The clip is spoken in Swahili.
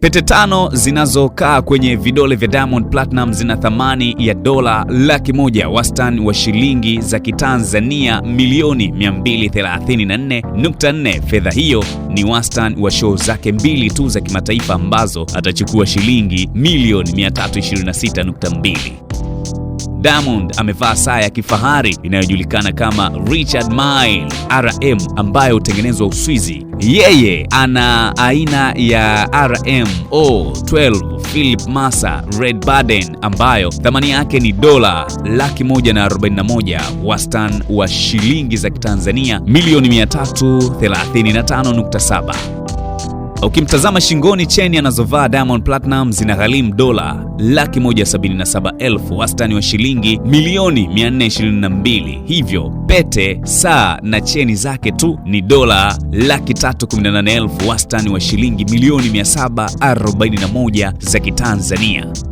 Pete tano zinazokaa kwenye vidole vya Diamond Platinum zina thamani ya dola laki moja wastani wa shilingi za Kitanzania milioni 234.4. Fedha hiyo ni wastani wa show zake mbili tu za kimataifa ambazo atachukua shilingi milioni 326.2. Diamond amevaa saa ya kifahari inayojulikana kama Richard Mille RM ambayo hutengenezwa Uswizi. Yeye ana aina ya RM 012 Philip Massa Red Baden ambayo thamani yake ni dola laki moja na moja wastani wa shilingi za Kitanzania milioni 335.7. Ukimtazama shingoni, cheni anazovaa Diamond Platinum zina gharimu dola laki moja sabini na saba elfu, wastani wa shilingi milioni 422. Hivyo pete, saa na cheni zake tu ni dola laki tatu kumi na nane elfu, wastani wa shilingi milioni 741 za Kitanzania.